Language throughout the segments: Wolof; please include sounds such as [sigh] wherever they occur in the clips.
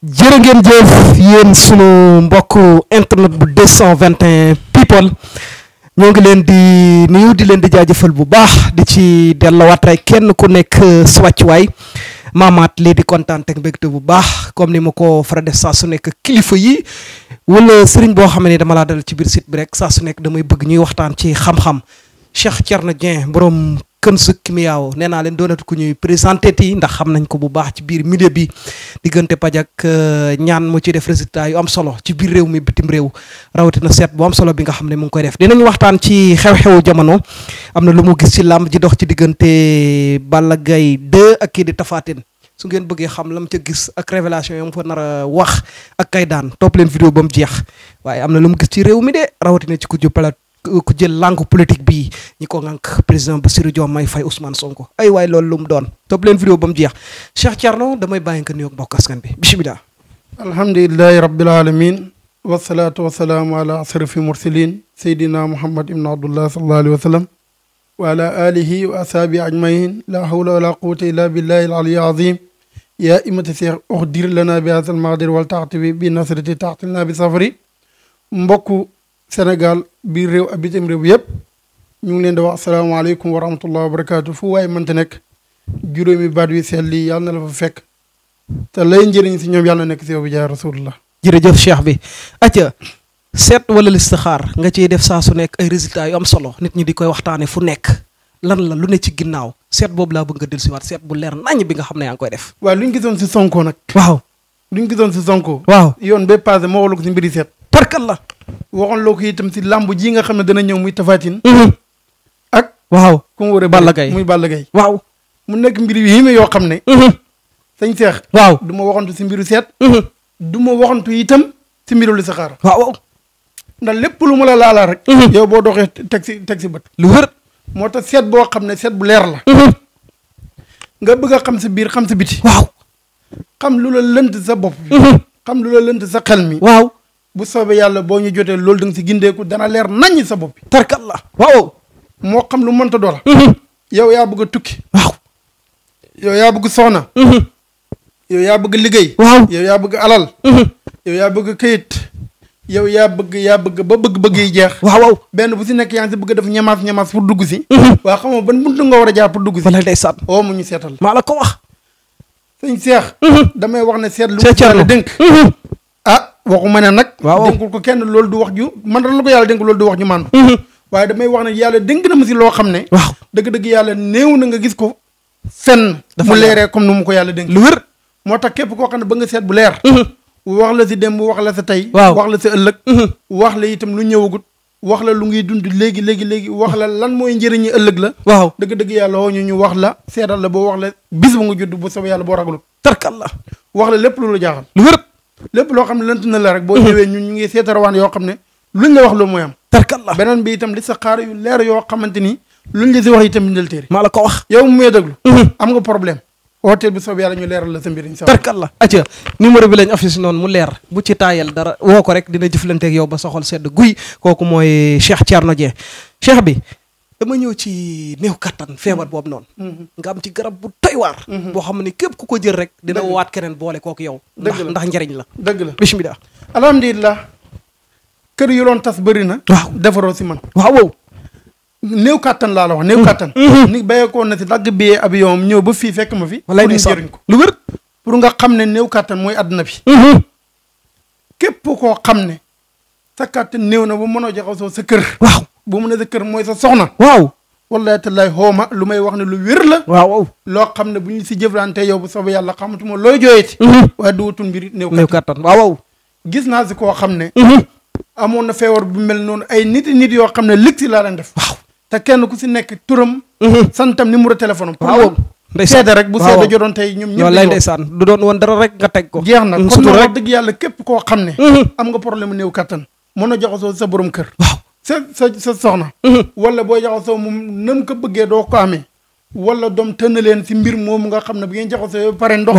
jërë ngeen jëf yéen sunu mbokk internet bu 221 people ñoo ngi leen di nuyu di leen di jaajëfal bu baax di ci dellowaat rek kenn ku nekk euh, si wàccuwaay maamaat lii di kontaan ak mbégte bu baax comme ni ma ko fara def saa su nekk kilifa yi wala sëriñ boo xam ne dama laa dal ci biir site bi rek saa su nekk damay bëgg ñuy waxtaan ci xam-xam Cheikh Thierno Dieng borom kën su kimiyaaw nee naa leen doonatu ku ñuy présenté ti ndax xam nañ ko bu baax ci biir milieu bi diggante paj ñaan euh, mu ci def résultat yu am solo ci biir réew mi bitim réew rawatina seet bu am solo bi nga xam ne mu ngi koy def dinañ waxtaan ci xew-xewu jamono am na lu mu gis ci làmb ji dox ci diggante Balla gay 2 ak kii di Tapha Tine su ngeen bëggee xam la lam ca gis ak révélation yi mu fa nar wax ak kay daan topp leen vidéo ba mu jeex waaye am na lu mu gis ci réew mi de rawatina ci ku ju ku jël langue politique bi ñi ko ngànk président Bassirou Diomaye Faye Ousmane Sonko ay waay loolu lu mu doon topp leen vidéo ba mu jeex Cheikh Thierno damay bàyyi nga nuyoog mbokk askan bi bisimilah. alhamdulilahi rabbil alamin wasalaatu wasalaamu ala asrafi mursalin saydina wa sallam wa la hawla wala quwata illa billahi al aliy azim ya imata seex uxdir lana bi haza almaqdir wal taxti bi bi nasrati taxtilna bi safari Sénégal biir réew ak bitim réew yëpp ñu ngi leen di wax asalaamaaleykum wa rahmatullahi wa barakaatu fu waaye mënta nekk juróomi baat wi sell lii yàlla na la fa fekk te lay njëriñ si ñoom yàlla nekk si yow bi jaay rasulullah jërëjëf cheikh bi acca seet wala listixaar nga ciy def saa su nekk ay résultats yu am solo nit ñi di koy waxtaane fu nekk lan la lu ne ci ginnaaw seet boobu laa bëgg nga dellusiwaat seet bu leer naññ bi nga xam ne yaa ngi koy def waaw lu ñu gisoon si sonko nag waaw lu ñu gisoon si sonko waaw yoon ba passé moo walu ko si mbiri seet barkalla waxoon loo ko itam si làmb ji nga xam ne dana ñëw muy tafatin mhm. ak waaw ku mu war a muy Balla Gaye waaw mu nekk mbir yu yéeme yoo xam ne mhm. sañ seex waaw du ma waxantu si mbiru seet mhm. du ma waxantu itam si mbiru li saxaar waaw ndax lépp lu mu la laalaa rek yow boo doxee teg si teg si bët lu wër moo tax seet boo xam ne seet bu leer la nga bëgg a xam si biir xam si biti waaw xam lu la lënt sa bopp bi xam lu la lënt sa xel bu soobee yàlla boo ñu jotee loolu da si gindeeku dana leer naññ sa bopp. tarkal la waaw. moo xam lu mënta doon. Mhm. yow yaa bëgg a tukki. waaw. yaa bëgg soxna. Mhm. yow yaa bëgg liggéey. waaw yow yaa bëgg alal. Mhm. yow yaa bëgg kayit. yaw yaa bëgg yaa bëgg ba bëgg-bëgg yi jeex. waaw waaw benn bu si nekk yaa si bëgg def ñamaas ñamaas pour dugg si. waa xam nga ban buntu nga war a jaar pour dugg si. wala ndeysaan. oo mu ñu seetal. maa la ko wax. sëñ Cheikh. damay wax ne seetlu. seetlu la waxuma ne nag. waaw dénkul ko kenn loolu du wax ju man la ko yàlla dénk loolu du wax ju man mhm. waaye damay wax ne yàlla dénk na si loo xam ne. dëgg-dëgg yàlla néew na nga gis ko. fenn mu leeree comme nu mu ko yàlla dénk. lu wér moo tax képp koo xam ne ba nga seet bu leer. Mhm. wax la si démb wax la sa tey. waaw wax la sa ëllëg. Mhm. wax la itam lu ñëwagut. wax la lu ngiy dund léegi léegi léegi wax la lan mooy njëriñu ëllëg la. waaw dëgg-dëgg yàlla woo ñu ñu wax la. seetal la boo wax la bis bu nga judd bu soobee yàlla boo ragul tarkal la wax la lépp lu la lu wér lépp loo xam ne lënt na la rek boo ñëwee ñun ñu ngi seetarawaan yoo xam ne luñ la wax loo mooy am tarkalla beneen bi itam li sa xaar yu leer yoo xamante ni ñu la si wax itam bindal téere maa la ko wax yow mu may déglu mhm. am nga problème hôtel bi soob yàlla ñu leeral la sa mbir insha Allah tarkalla acca numéro bi lañ affiché noonu mu leer bu ci taayal dara woo ko rek dina jëflanteeg yow ba soxol sedd guy kooku mooy Cheikh Thierno Dieng cheikh bi dama ñëw ci néew kattan feebar mm-hmm. boobu noonu. Mm-hmm. nga am ci garab bu doy waar. Mm-hmm. boo xam ne képp ku ko jël rek. dina waat keneen boole kooku yow. ndax ndax njëriñ la. dëgg la bisimilah. alhamdulilah. kër yu doon tas bëri na. waaw defaroo si man. waaw wow. néew kattan laa la kattan. ni béyeekoon na si dagg biyee avion am ñëw ba fii fekk ma fi. walaay ndeysaan pour ko lu wér. pour nga xam ne néew kattan mooy àdduna bi. képp koo xam ne. sa kattan néew na ba mënoo jaxasoo sa kër. bu mu nee sa kër mooy sa soxna. waaw. wallaay tallaay xooma lu may wax ne lu wér la. waaw loo xam ne bu ñu si jëflante yow bu soobee yàlla xamatuma looy jooyati. Mhm. waaye duutul néew. néew kattan waaw. gis naa si koo xam ne. Mhm. amoon na feewar bu mel noonu ay nit nit yoo xam ne ligg si laa leen def. waaw te kenn ku si nekk turam. Mhm. santam numéro téléphone am. waaw rek bu seede jotoon tey ñoom ñëpp lay ndeysaan du doon won dara rek nga teg ko jeex na mm, kon wax dëgg yàlla képp koo xam ne am nga problème néew kattan mën a joxasoo sa borom kër sa sa sa soxna. Mhm. wala boo jaxasoo moom nam ko bëggee doo ko amee. wala doom tënna leen si mbir moomu nga xam ne bu ngeen jaxasoo ba pare ndox.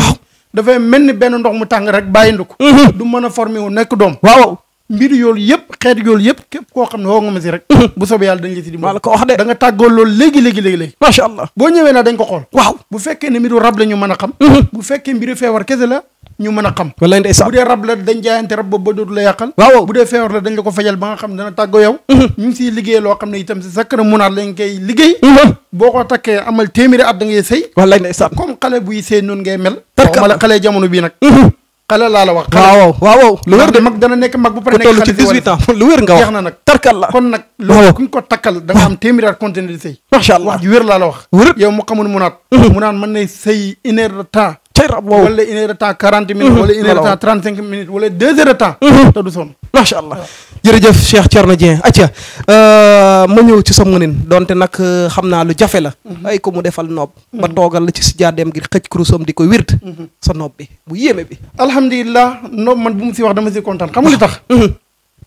dafay mel ni benn ndox mu tàng rek bàyyi ndu ko. Mhm. du mën a formé wu nekk doom. waaw mbir yoolu yëpp xeetu yoolu yëpp képp koo xam ne woo nga ma si rek. Mhm. bu soobee yàlla dañ la si dimbali. ko wax de nga tàggoo loolu léegi léegi léegi léegi. macha allah boo ñëwee naa dañ ko xool. waaw bu fekkee ne mbiru rab la ñu mën a xam. bu fekkee mbiru feebar kese la ñu mën a xam wallaay ndeysaan bu dee rab la dañ jaayante rab boobu ba dootu la yàqal waaw bu dee feebar la dañ ko fajal ba xam dana tàggo yow mhm. ñu ngi liggéey loo xam ne itam si sakkara munaat lañ koy liggéey mhm. boo ko takkee amal téeméeri a da ngay sëy wallaay ndeysaan comme xale buy sëy noonu ngay mel tarkala xale jamono bii nag mhm. xale laa la wax waaw waaw lu wér de mag dana nekk mag bu pare nekk xale wax jeex na nag tarkal la kon nag loolu kuñ ko takkal da nga am téeméeri at continuer di sëy macha allah wax ju wér laa la wax yow mu xamul munaat munaan mën na sëy une heure de temps rab woowu wala une heure de temps minutes mhm. wala une heure temps trente cinq minutes wala deux heures temps mhm. te du sonn macha allah jërëjëf Cheikh Thierno Dieng acca euh, ma ñëw ci sa mënin donte nag euh, xam naa lu jafe la mhm. ay ko mu defal noob ba toogal la ci si jaadeem gi xëj kurusam di ko wird sa noob bi bu yéeme bi alhamdulilah noob man bu mu si wax dama si kontaan xam nga li tax [laughs]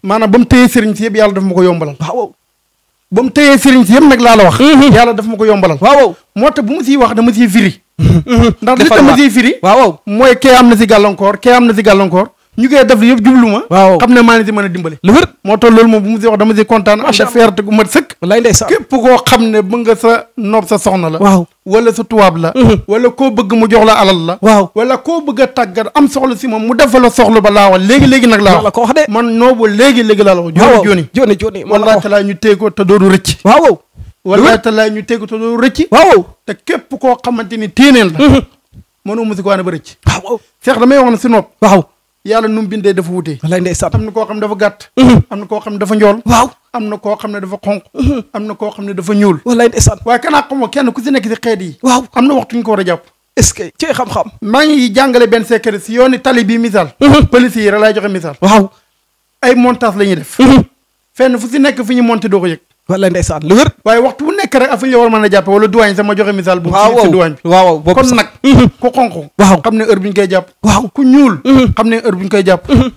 maanaam ba mu téyee sëriñ si yëpp yàlla daf ma ko yombalal waaw ba mu téyee sëriñ si yëpp nag laa la ma ko yombalal waaw moo tax bu mu ndax li tamit siy firi waaw mooy kee am na si gàllankoor kee am na si gàllankoor ñu koy def li yëpp jublu ma waaw xam ne maa ngi si mën a dimbale lu wér moo tollool loolu moom mu si wax dama si kontaan am da fierté gu mat sëkk wallaay ndeysaan koo xam ne bëgg nga sa nopp sa la waaw wala sa tubaab la mm-hmm. wala koo bëgg mu jox la alal la waaw wala koo bëgg a tàggat am soxla si moom mu defal la soxla ba laa wax léegi-léegi nag laa wax ko wax de man noobu léegi-léegi laa la wax jóoni jóoni jóoni jóoni wallaahi ñu téye ko te doodu rëcc waaw wala talaay ñu tegu te doo rëcc waaw te képp koo xamante ni téeneel la mhm. mënoo musikuwaane ba rëcc waaw seex damay wax na si nopp waaw yàlla nu mu bindee dafa wutee wallaay ndeysaan am na koo xam ne dafa gàtt mhm. am na koo xam ne dafa njool waaw am na koo xam ne dafa xonq mhm. am na koo xam ne dafa ñuul wallaay ndeysaan waaye kenn ku si nekk si xeet yi waaw am na waxtu ñu ko war a jàpp est-ce que ci xam-xam maa ngi jàngale benn secret si yooni tali bi misaal police yi rek laay joxe misaal waaw ay montage la ñuy def fenn fu si nekk fi ñu monté doo ko wala ndeysaan lu wér waaye waxtu bu nekk rek affaire yi war mën a jàppe wala duwaañ sama joxe misaal bu ci duwaañ bi waaw waaw kon nag mhm. ku xonq waaw xam ne heure bi ñu koy jàpp waaw ku ñuul mhm. xam ne heure bi ñu koy jàpp mhm.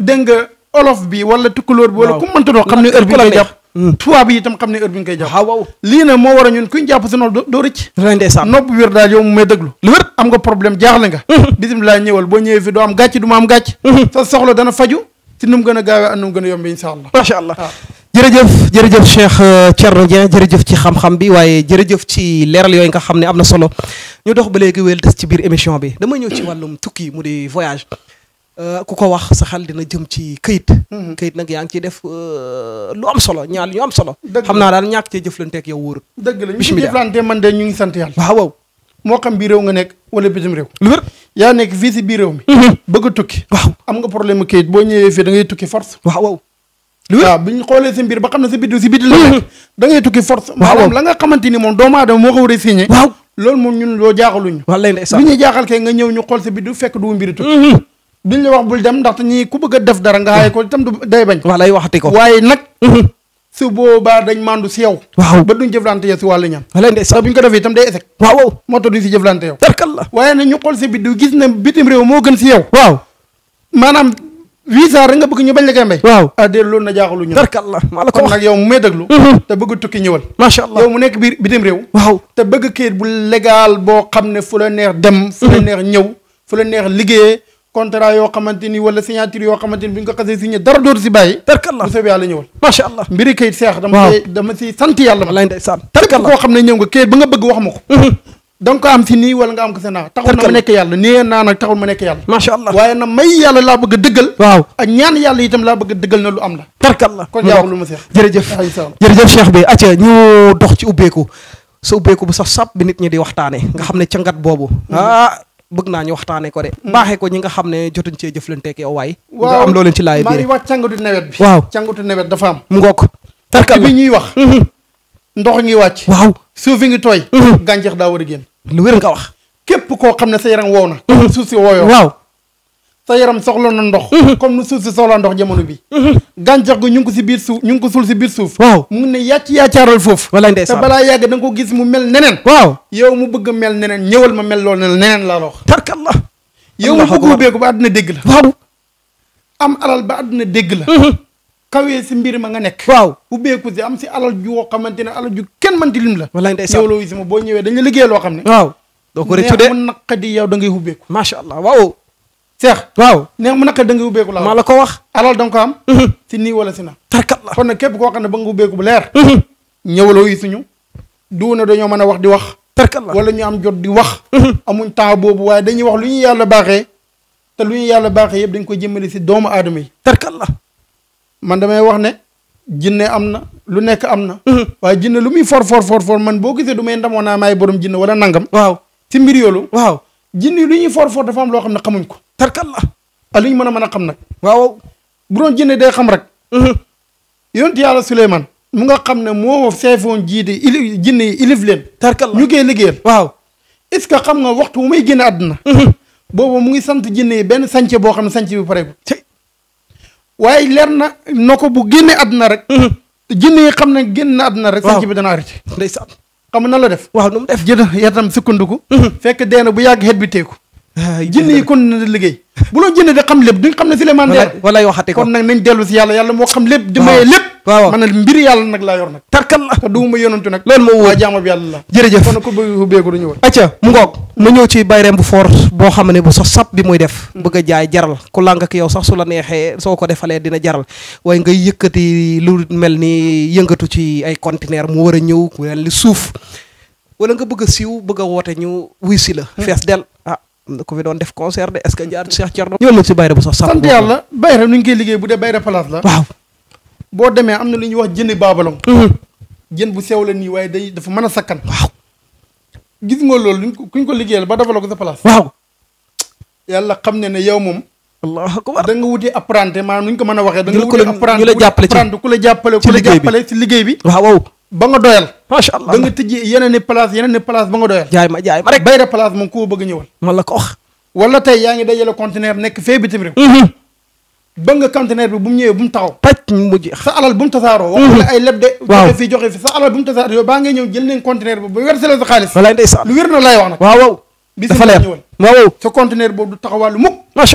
dégg nga olof bi wala tukkulóor bi wala ku mënta doon xam ne heure bi ñu koy jàpp tubaab yi itam xam ne heure bi ñu koy jàpp waaw lii nag moo war a ñun kuñ jàpp sa nopp doo rëcc ndeysaan nopp wér daal yow mu may déglu lu wér am nga problème jaaxle nga bisimilah ñëwal boo ñëwee fi doo am gàcc du ma am gàcc sa soxla dana faju si nu mu gën a gaawee ak nu mu gën a yombee incha allah macha allah ah. jërëjëf jërëjëf Cheikh euh, Thierno Dieng jërëjëf ci xam-xam bi waaye jërëjëf ci leeral yooyu nga xam ne am na solo ñu dox ba léegi wéyal des ci biir émission bi dama ñëw ci wàllum tukki mu di voyage euh, ku ko wax sa xel dina jëm ci këyit mhm. këyit nag yaa ngi ciy def euh, lu am solo ñaar ñu am solo xam naa daal ñàkk cee jëflanteeg yow wóorut dëgg la ñu ci jëflante man de ñu ngi sant yàlla waaw waaw moo xam biir réew nga nekk wala bitim réew lu wér yaa nekk fii si biir réew mi mhm. bëgg tukki waaw am nga problème këyit boo ñëwee fii da ngay tukki force waaw waaw waaw bi ñu xoolee si mbir ba xam ne sa biddiw si biddiw la nekk da ngay tukki force maanaam la nga xamante ni moom doomu aadama moo ko war a signé waaw loolu moom ñun loo jaaxaluñu wallaay ndeysaan lu ñuy xool sa biddiw du mbiri tukki mm-hmm. duñ la wax bul dem ndaxte ku bëgg a def dara nga xaaye ko itam du day bañ wallaay waaye nag mm-hmm. su boobaa dañ mandu si yow waaw ba duñ jëflante yow si wàllu ñam wallaay ndeysaan buñ ko defee itam day échec waaw waaw moo tax duñ si jëflante yow tarkal la waaye sa biddiw gis na bitim réew moo gën si yow waaw maanaam huit ans rek nga bëgg ñu bañ la ah, nag yow mu may déglu mhm. te bëgg tukki ñëwal macha allah yow mu nekk biir bitim réew waaw bëgg kayit bu légal boo xam ne fu la neex dem fu la mhm. neex ñëw fu la neex liggéeyee contrat yoo xamante ni wala signature yoo xamante ni bi nga ko xasee signé dara dootu si bàyyi tarkalla bu soobee yàlla ñëwal macha allah mbiri kayit seex dama si sant yàlla ma lay ndeysaan tarkalla koo ne ñëw nga kayit ba nga bëgg wax ma da am si nii wala nga am ko si naa taxul na ma nekk yàlla nee naa nag taxul ma nekk yàlla macha allah waaye na may yàlla laa bëgg a dëggal waaw ak ñaan yàlla itam laa bëgg a dëggal na lu am la tarkalla kon yaaw lu ma seex jërëjëf jërëjëf cheikh bi acca ñu dox ci ubbeeku sa bu sax sab bi nit ñi di waxtaane nga xam ne ca boobu mm-hmm. ah bëgg naa ñu waxtaane ko de mm-hmm. baaxee ko ñi nga xam ne jotuñ cee jëflanteeg yow waay nga am loo leen ci laay biir maa ngi nawet bi waaw càngatu nawet dafa am mu ngook tarkalla bi ñuy wax mm-hmm. ndox ngi wàcc waaw suuf ngi tooy gàncax daa war a génn lu wér nga wax. képp koo xam ne sa yaram woow na. comme suuf si wooyoo waaw. sa yaram soxla na ndox. comme nu suuf si soxla ndox jamono bi gàncax gi ñu ngi ko si biir suuf ñu ngi ko suul si biir suuf. waaw mu ne yàcc yàccaaral foofu. walaay ndeysaan te balaa yàgg da ko gis mu mel neneen. waaw yow mu bëgg mel neneen ñëwal ma mel lool neneen laa wax. tarkalla. yow mu bëgg ubbeeku ba dégg la. waaw am alal ba àdduna dégg la. kawee si mbir ma nga nekk waaw ubbeeku si am si alal ju woo xamante ne alal ju kenn mënti lim la wallaay ndeysaan loolu si boo ñëwee dañ la liggéey loo xam ne waaw doo ko rëccu de mu naqadi yow da allah waaw seex waaw neex mu naqadi da ngay ubbeeku la maa la ko wax alal da nga ko am mhm. si nii wala si na tarkat la kon nag képp koo xam ne ba nga ubbeeku bu leer mhm. ñëwaloo yi suñu duuna dañoo mën a wax di wax tarkat la wala ñu am jot di wax mhm. amuñ temps boobu waaye dañuy wax lu ñuy yàlla baaxee te lu ñu yàlla baaxee yëpp dañ ko jëmale si doomu aadama yi tarkat la man damay wax ne jinne am na lu nekk am na mhm. waaye jinne lu muy for for for man boo gisee du may ndamoo naa borom jinne wala nangam waaw ci mbir yoolu waaw jinne lu ñuy for for dafa loo xam ne xamuñ ko tarkal la a ah, lu ñu mën a mën a xam nag waaw bu doon jinne day xam rek yoon mhm. yonent yàlla Suleymaan mu nga xam ne moo seefoon jiite ili jinne yi ilif leen tarkal la ñu waaw est ce que xam nga waxtu bu may génne àdduna mhm. boobu mu ngi sant jinne yi benn sànce boo xam ne sànce bi pareeku waaye leer na no ko bu génne àdduna rek. Mhm. jinne yi xam ne génn na àdduna rek. waaw sànq bi dana arrêté. ndeysaan xam na la def. waaw nu mu def jënd yatam sukkandiku. Mhm. fekk dee na bu yàgg xet bi teeku. jinne yi kon na liggéey. bu loo jëndee da xam lépp duñ xam ne Souleymane dee waxate ko kon nag nañ si yàlla yàlla moo xam lépp. di maye lépp. waaw man mbir yàlla nag laa yor nag. tarkal na te duuma yonantu nag. loolu moo wóor waa jaama bi yàlla la. jërëjëf kon ku bëgg ku beeku du ñu wër. acca mu ngoog ma ñëw ci bayreem bu foor boo xam ne bu sax sap bi muy def bëgg a jaay jaral ku làng ak yow sax su la neexee soo ko defalee dina jaral waaye ngay yëkkati lu mel ni yëngatu ci ay conteneur mu war a ñëw mu mel ni suuf wala nga bëgg a siiw bëgg a woote ñu wuy si la hmm. fees del ah ku fi doon def concert de est-ce que jaar Cheikh Thierno hmm. ñëwal ma ci bayre bu sax sap sant yàlla bayre nu koy liggéey bu dee bayre place la waaw boo demee am na lu ñuy wax jënd baabalong hmm. jën bu sew la nii waaye day dafa mën a sakkan gis nga loolu kuñ ko liggéeyal ba defaloo ko sa place. waaw. yàlla xam ne ne yow moom. allahu akbar da nga wuti apprenti maanaam nuñ ko mën a waxee. da nga wuti apprenti ku la jàppale ku la jàppale ci liggéey bi waaw waaw. ba nga doyal. allah da tijji yeneen i place yeneen i place ba nga jaay ma jaay ma rek. bayre place moom ku bëgg ñëwal. man la ko tey yaa ngi dajale conteneur nekk fee bitim réew. Mhm. ba nga conteneur bu mu ñëwee bu mu taxaw pàcc mujj sa alal bu mu tasaaroo waxla mmh. ay leb de joxe fii joxe fi sa alal bu baa ngay ñëw jël nañ conteneur boobu ba werse la sa xaalis walaay ndeysaan lu wér na laay wax nag waaw waaw bi dafa leer ñëwal waaw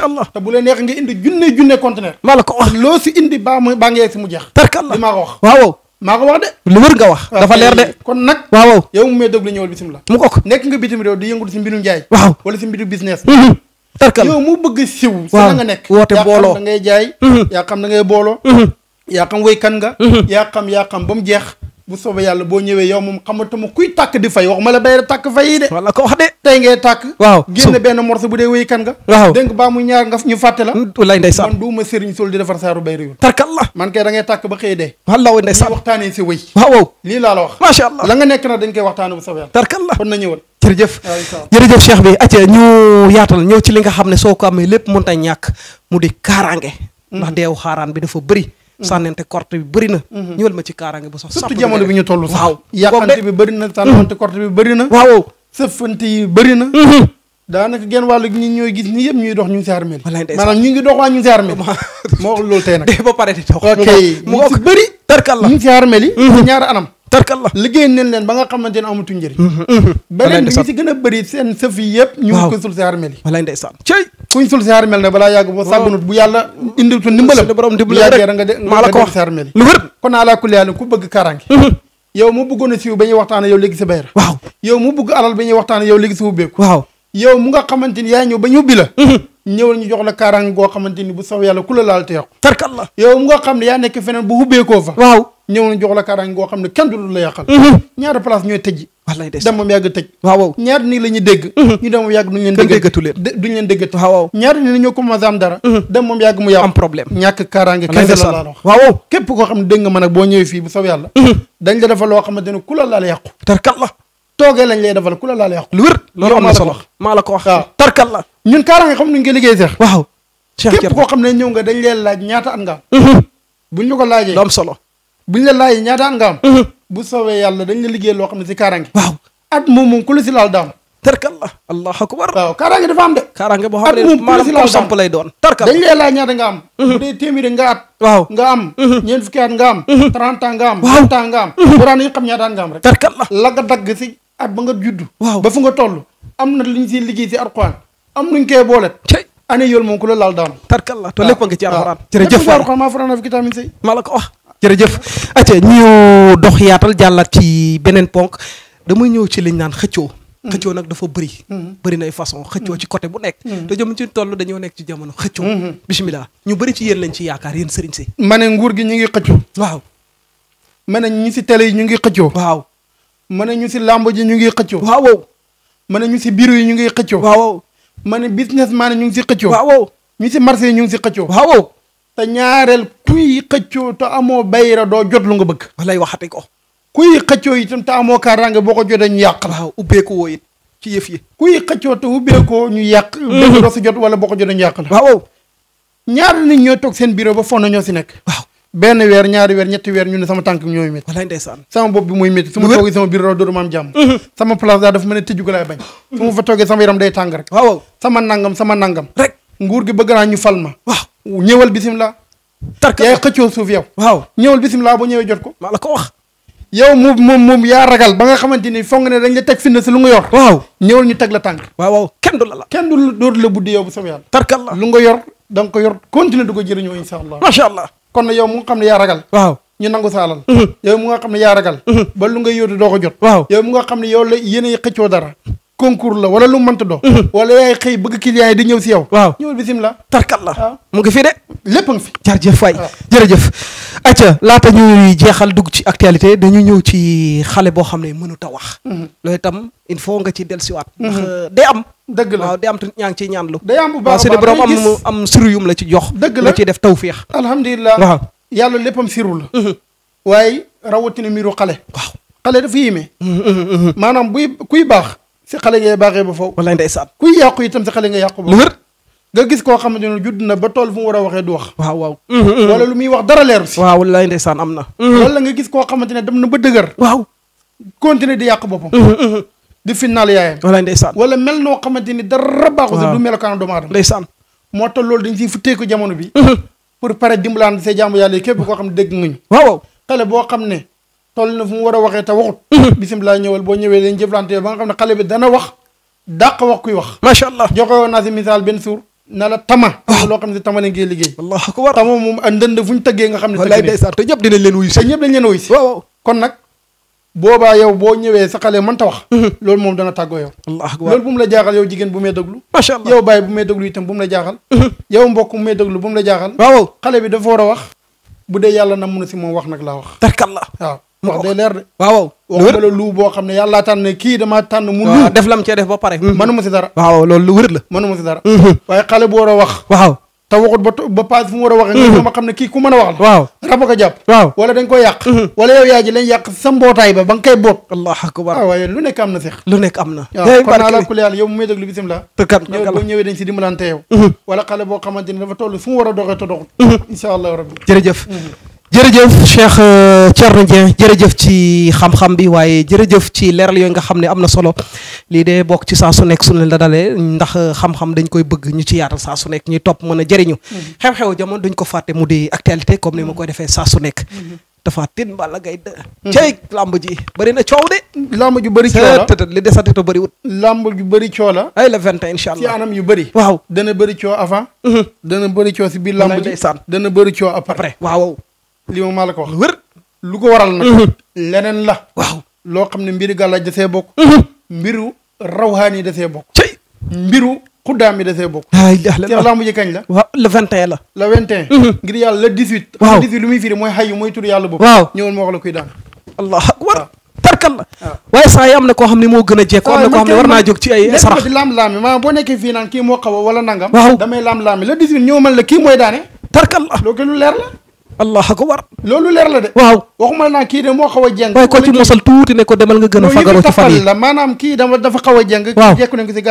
allah te bu leen neex nga indi junne junne conteneur maa la wax loo si indi baa mu baa si mu jeex tarkalla li maa ko wax waaw waaw maa ko wax de lu wër nga wax dafa leer de kon nag waaw waaw yow mu may déglu ñëwal bisimila mu nekk nga bitim réew di yëngu si mbiru njaay waaw wala si mbiru business mmh. tarkal yow mu bëgg siw sa nga nekk woote booloo yaa xam da ngay jaay mhm. yaa xam da ngay booloo mhm. yaa xam waykan nga mhm. yaa xam yaa xam ba mu jeex bu soobee yàlla boo ñëwee yow moom xamatuma kuy tàkk di fay waxuma la bay tàkk fay yi de wala ko wax de tey ngay tàkk waaw génn benn morceau bu dee wéykan nga waaw nga baa mu ñaar nga ñu fàtte la wallaay ndeysaan man duuma sëriñ sol tàkk ba xëy dee wallaay ndeysaan waxtaanee si wéy waaw lii laa la wax macha allah la nga nekk nag dañ koy waxtaane bu soobee yàlla tarkalla kon na ñëwal jërëjëf jërëjëf cheikh bi acca ñu yaatal ñëw ci li nga xam ne soo ko amee lépp mën ta ñàkk mu di kaaraange mm. ndax deewu xaaraan bi dafa bëri sànnente korte bi bëri na mhm. ñëwal ma ci kaaraange bu sax surtout jamono bi ñu toll sax waaw yàqante bi bëri na sànnante korte bi bëri na waaw sëfante yi bëri na mhm. daanaka genn wàllu ñi ñooy gis ni yëpp ñuy dox ñu ngi si armeel maanaam ñu ngi dox waa ñu ngi si armeel [laughs] moo wax loolu tey nag [laughs] ba pare di dox ok [laughs] mu si bëri tarkal la ñu ngi si armeel yi mhm. ñaari anam tarkal la liggéey nañ leen ba nga xamante ne amatuñ njëriñ a bëri seen sëf yi yëpp ñu ngi ko si armel yi walaay ndeysaan cey kuñ si armel ne balaa yàgg yàlla indi tu ndimbalam borom ndimbalam ko wax si armel yi naa laa ku leyalu ku bëgg karange yow mu bëggoon a siiw ba ñuy waxtaane yow léegi sa alal ba ñuy waxtaane yow léegi sa ubbeeku waaw mu nga xamante ni yaa ba ñu ubbi la ñu jox la kaaraange goo xamante ni bu saw yàlla ku laal te yàqu mu nga xam ne yaa nekk feneen bu ubbeekoo fa waaw ñëw na jox la kaaraange goo xam ne kenn du lu la yàqal mhm. ñaari place ñooy tëj wallaay des dem moom yàgg tëj waaw waaw ñaari nii la ñuy dégg mhm. ñu dem moom yàgg duñ leen déggatu leen duñ leen déggatu waaw waaw ñaari nii la ñoo commencé am dara mhm. dem moom yàgg mu yàqu am problème ñàkk kaaraange kese la wax waaw képp koo xam ne dégg nga man ak boo ñëwee fii bu sow yàlla dañ la dafa loo xamante ne ku la laal yàqu tarkal la toogee lañ lay defal ku la laal yàqu lu wér loolu am na solo maa la ko wax waaw tarkal la ñun kaaraange xam nuñ ko liggéey sax waaw képp koo xam ne ñëw nga dañ leen laaj ñaata at nga buñ ñu ko laajee lu am solo buñ la laajee ñaata at nga am. bu soobee yàlla dañ la liggéey loo xam ne si kaaraange. waaw at moom moom ku la si laal daam. tarkalla allahu akbar. waaw kaaraange am de. kaaraange boo xam ne maanaam comme samp lay doon. tarkalla dañ lay laaj ñaata nga am. bu dee téeméeri nga at. waaw nga am. ñeent fukki at nga am. 30 nga am. waaw nga am. bu daan ñu xam ñaata at nga am tarkalla la nga at ba nga ba fu nga am na lu ñu siy liggéey si Alxuraan am nuñ koy boole. année yoolu moom ku la laal daam. tarkalla to lépp ci Alxuraan. jërëjëf jëf jërëjëf aca ñu dox yaatal jàllaat ci beneen ponk damay ñëw ci liñ naan xëccoo mm. xëccoo nag dafa bëri mm. bëri nay façon mm. xëccoo ci côté bu nekk te jëm ci toll dañoo nekk ci jamono xëccoo mm-hmm. bismillah ñu bëri ci yéen lañ ci yaakaar yéen sëriñ si ma ne nguur gi ñu ngi xëccoo waaw ma ne ñu si télé yi ñu ngi xëccoo waaw ma ne ñu si làmb ji ñu ngi xëccoo waaw ma ne ñu si bureau yi ñu ngi xëccoo waaw ma ne business man ñu ngi si xëccoo waaw ñu si marché yi ngi si xëccoo waaw te ñaareel kuy xëccoo te amoo bayra doo jot lu nga bëgg walay waxati ko kuy xëccoo itam te amoo kaaraange boo ko jotee ñu yàq la ubbeeku woo it ci yëf yi kuy xëccoo te ubbeekoo ñu yàq dëgg mm-hmm. doo si jot wala boo ko jotee ñu yàq la waaw ñaari nit ñoo toog seen bureau ba foog na ñoo si nekk waaw benn weer ñaari weer ñetti weer ñu ne sama tànk bi ñooy métti walaay ndeysaan bi mooy métti su ma toogee sama biir dootu ma am jàmm mm-hmm. sama a tëju ko laay day tàng rek waaw sama nangam sama nangam rek nguur gi bëgg naa ñu fal ma waaw ñëwal bisim la tarka yaay xëccoo suuf yow. waaw ñëwal bisimilah boo ñëwee jot ko. maa la ko wax. yow moom moom moom yaa ragal ba nga xamante ni foog ne dañ la teg si lu nga yor. waaw ñëwal ñu teg la tànk. waaw waaw kenn du la la. kenn du dootu la buddi yow bu soobee yàlla. tarkal la lu nga yor da ko yor continuer du ko jëriñoo incha allah. macha allah kon nag yow mu nga xam ne yaa ragal. waaw ñu nangu sa alal. Mhm. yow nga xam ne yaa ragal. Mhm. ba lu nga yóotu doo ko jot. waaw yow nga xam ne yow la yéenay xëccoo dara concours la wala lu mënta do mhm. wala yaay xëy bëgg client yi di ñëw si yow waaw ñëwal bisimilah tarkat la ah. mu ngi fi de lépp nga fi ah. jërëjëf Faye jërëjëf acca laata ñuy jeexal dugg ci actualité dañu ñëw ci xale boo xam ne mënut a wax mhm. loolu tam il faut nga ci dellusiwaat mhm. ndax euh, day am dëgg la waaw day am te ñaa ngi ciy ñaan lu day am bu baax waaw borom la ci jox dëgg la ciy def tawféex alhamdulilah la waaye rawatina mbiru xale waaw xale dafa yéeme maanaam buy kuy baax si xale ngay baaxee ba faw wallaay ndeysaan kuy yàqu itam si xale nga yàqu ba mu nga gis koo xamante ne judd na ba tool fu mu war a waxee du wax waaw waaw mm-hmm. wala lu muy wax dara leeru si waaw wallaay ndeysaan am na mm-hmm. wala nga mm-hmm. gis koo xamante ne dem na ba dagar dëgër waaw continuer di yàq boppam di final yaayam wallaay ndeysaan wala mel noo xamante ni dara baaxu si du melokaanu doomu aadama ndeysaan moo tax loolu dañ siy futteeku jamono bi pour pare dimbalaan see jaamu yàlla yi képp koo xam ne dégg ngañu waaw xale boo xam ne toll na fu war a waxee te waxut mhm. bisimilah ñëwal boo ñëwee dañ jëflante ba nga xam ne xale bi dana wax dàq wax kuy allah joxe woon naa si benn suur na la tama oh. loo xam ne tama la ngay liggéey allah akbar tama moom ndënd fu ñu tëggee nga ne wallaay ndeysaan te ñëpp dinañ leen wuyu si te ñëpp leen wuyu kon nag boobaa yow boo ñëwee sa xale mënta wax mhm. loolu moom dana tàggoo yow allah akbar loolu la jaaxal yow jigéen bu may déglu macha allah yow bàyyi bu may déglu itam bu mu la jaaxal mhm. yow mbokk bu may déglu bu mu la jaaxal waaw xale bi dafa wax bu dee yàlla na mun si moom wax nag laa wax tarkalla waaw wax day leer de waaw waaw waxuma la luu boo xam ne yàlla ne kii dama tànn mu luu def lam cee def ba pare mm-hmm. manuma si dara waaw lool lu wér la manuma si dara mm-hmm. waaye xale bu war a wax waaw te waxut ba ba paas fu mu war a waxee mm-hmm. nga ma xam ne kii ku mën a wax la waaw rab ko jàpp waaw wala dañ koy yàq wala yow yaa ji lañ yàq sa mbootaay ba ba nga koy boot allahu akbar waaw ah, waaye lu nekk am na seex lu nekk am na waaw ah, eh, kon naa la kule yàlla yow mu may déglu bisimilah tëkkat yow boo ñëwee dañ si dimbalante yow wala boo xamante ne dafa toll fu mu war a doxee te doxut incha allahu rabbi jërëjëf Cheikh euh, Thierno Dieng jërëjëf ci xam-xam bi waaye jërëjëf ci leeral yooyu nga xam ne am na solo lii de bokk ci saa su nekk su ne la dalee ndax euh, xam-xam dañ koy bëgg ñu ci yaatal saa su nekk ñuy topp mën a jëriñu. Mm-hmm. xew-xew jamono dañ ko fàtte mu di actualité comme ni ma mm-hmm. koy defee saa su nekk. Mm-hmm. dafa tin Balla Gaye de. cey ji bari na coow de. lamb ju bëri coow la te li desati te bëriwut. lamb ju bëri coow la. ay la vingt et un allah bëri. waaw dana bëri coow avant. dana bëri coow si biir lamb ji dana bëri coow après waaw li moom maa la ko la wër lu ko waral nag. Mhm. leneen la. waaw loo xam ne mhm. mbiru gàllaaj da see bokk. mbiru rawhaan yi da see bokk. cay mbiru xuddaam yi da see bokk. alhamdulilah Cheikh Lamb ji kañ la. waaw le 21 la. le 21. Mhm. ngir yàlla le 18. waaw le lu muy firi mooy xayu mooy tur yàlla boobu. waaw ñëwal ma wax la kuy daan. allah akbar tarkal la waaye saa am na koo xam ne moo gën a jekk am na koo xam ne war naa jóg ci ay sarax di laam-laami maanaam boo nekkee fii naan kii moo xaw a wala nangam waaw damay laam-laami la 18 ñëw man la kii mooy daane tarkal la loolu lu leer allah ko war loolu leer la de waaw waxuma naa kii de moo xaw a jeng waaye ko ci mosal tuuti ne ko demal nga gën a fagaru ci fan yi la maanaam kii dama dafa xaw a jeng waaw jekku nañ ko si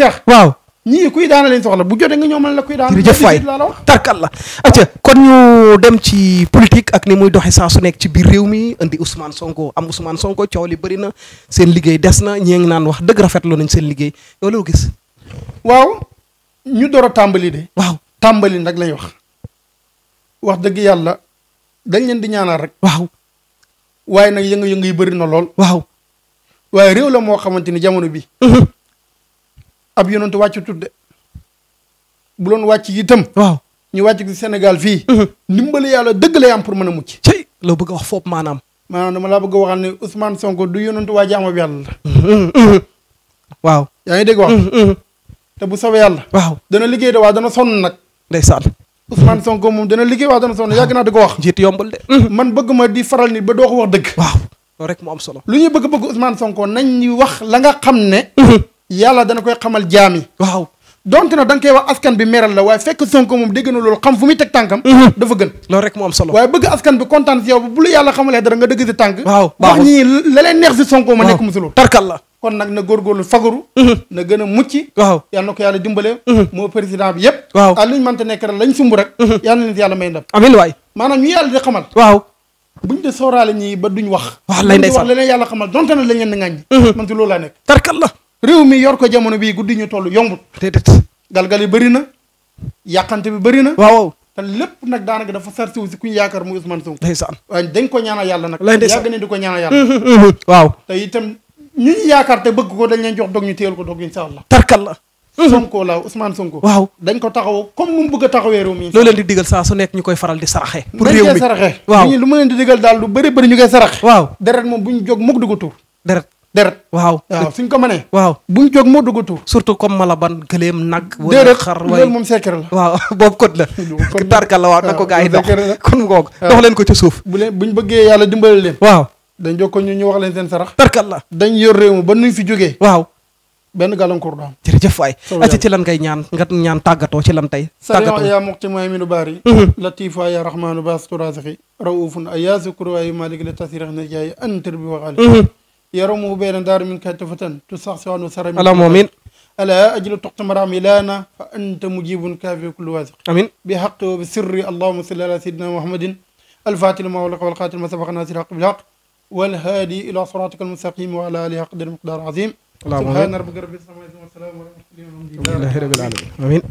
seex waaw ñii kuy daana leen soxla bu jotee nga ñoomal la kuy daan jërëjëf la acca kon ñu dem ci politique ak ni muy doxe saa su nekk ci biir réew mi indi Ousmane Sonko am Ousmane Sonko coow li bëri na seen liggéey des na ñee ngi naan wax dëgg rafetlu nañ seen liggéey yow loo gis waaw ñu tàmbali de waaw tàmbali nag lañ wax wax dëgg yàlla dañ leen di ñaanal rek. waaw waaye nag yëngu-yëngu yi bari na lool. waaw waaye réew la moo xamante ni jamono bi ab yonent wàcc tudde bu loon wàcc itam. waaw ñu wàcc ci Sénégal fii. ndimbali yàlla dëgg la am pour mën a mucc. ci loo bëgg wax foofu maanaam. maanaam dama laa bëgg a waxal ne Ousmane Sonko du yonent waa jaamu bi yàlla waaw yaa ngi dégg wax. te bu soobee yàlla. waaw dana liggéey de waa dana sonn nag. ndeysaan. Ousmane Sonko moom dana liggéey wax dana sonn yàgg naa di ko wax. njiit yombul de. Mm-hmm. man bëgg ma di faral nit ba doo ko wax dëgg. waaw loolu rek mu lu ñuy bëgg bëgg Ousmane sonkoon nañ ñu wax la nga xam ne. Mm-hmm. yàlla dana koy xamal jaam yi. waaw donte na da nga koy wax askan bi meral la waaye fekk Sonko moom dégg na loolu xam fu muy teg tànkam. Mm-hmm. dafa gën. loolu rek mu am solo. waaye bëgg askan bi kontaan si yow bu la yàlla xamalee dara nga dëgg si tànk. waaw baaxul wax ñii neex si Sonko ma nekk musulul tarkal la kon nag na góorgóorlu fagaru mhm. na gën a mucc waaw yal na ko yàlla dimbale mhm. moo président bi yëpp waaw ak lu ñu mënta nekk rek lañ sumb rek mhm. yal na leen yàlla may ndam amiin waay maanaam ñu yàlla di xamal waaw buñ de sooraale ñi ba duñ wax waaw lay ndeysaan wax leneen yàlla xamal na lañ leen di ŋàññ man ci loolu laa nekk tarkal la réew mi yor ko jamono bii guddi ñu toll yombut déedéet galgal yi bëri bi bëri na waaw te lépp nag daanaka dafa sarsi wu si ku ñu mu muy Ousmane Sonko ndeysaan waaye dañ ko ñaanal yàlla nag yàgg ne di ko ñaanal yàlla waaw te itam li ñu yaakaar te bëgg ko dañ leen jox dog ñu téyal ko dog incha allah. tarkal la. Sonko la Ousmane Sonko. waaw dañ ko taxaw comme bëgg taxawee réew mi. loo leen di digal saa su nekk ñu koy faral di saraxe. ma leen di digal moom bu ñu waaw waaw ko mënee. waaw bu ñu jóg mukk dugg tuur. mala ban gëleem nag. wala xar waaye loolu moom secret la. waaw [laughs] boobu [laughs] code la. tarkal la waaw na ko gaa dox kon ngoog dox leen ko ca suuf. bu leen bu ñu bëggee yàlla dimbale leen. dañ jokkoo ñu ñu wax leen seen sarax. barkallah dañ yor réew mi ba nuñ fi jógee. waaw benn gàllankoor daam. jërëjëf waay. soxna ci lan ngay ñaan nga ñaan tàggatoo ci lan tey. tàggatoo sariya yaa muqti maaminu baari. Mhm. latifa yaa rahmaanu baas turaasixi. raufun ayaa sukkur waayu malik la tasirix na jaay antar bi waxaale. Mhm. yaramu bayna daar min kati fatan tu sax si waanu sara. ala moomin. ala ajlu toxta maraam ilaana fa anta mujibun kaafi kullu waasiq. amin bi xaqi wa bi sirri allahuma salli ala sayidina muhammadin alfatil mawlaq walqaatil ma sabaqa naasir xaq bil xaq والهادي إلى صراطك المستقيم وعلى آله حق قدر المقدار العظيم سبحان ربك رب السماوات والسلام على المرسلين والحمد لله رب العالمين آمين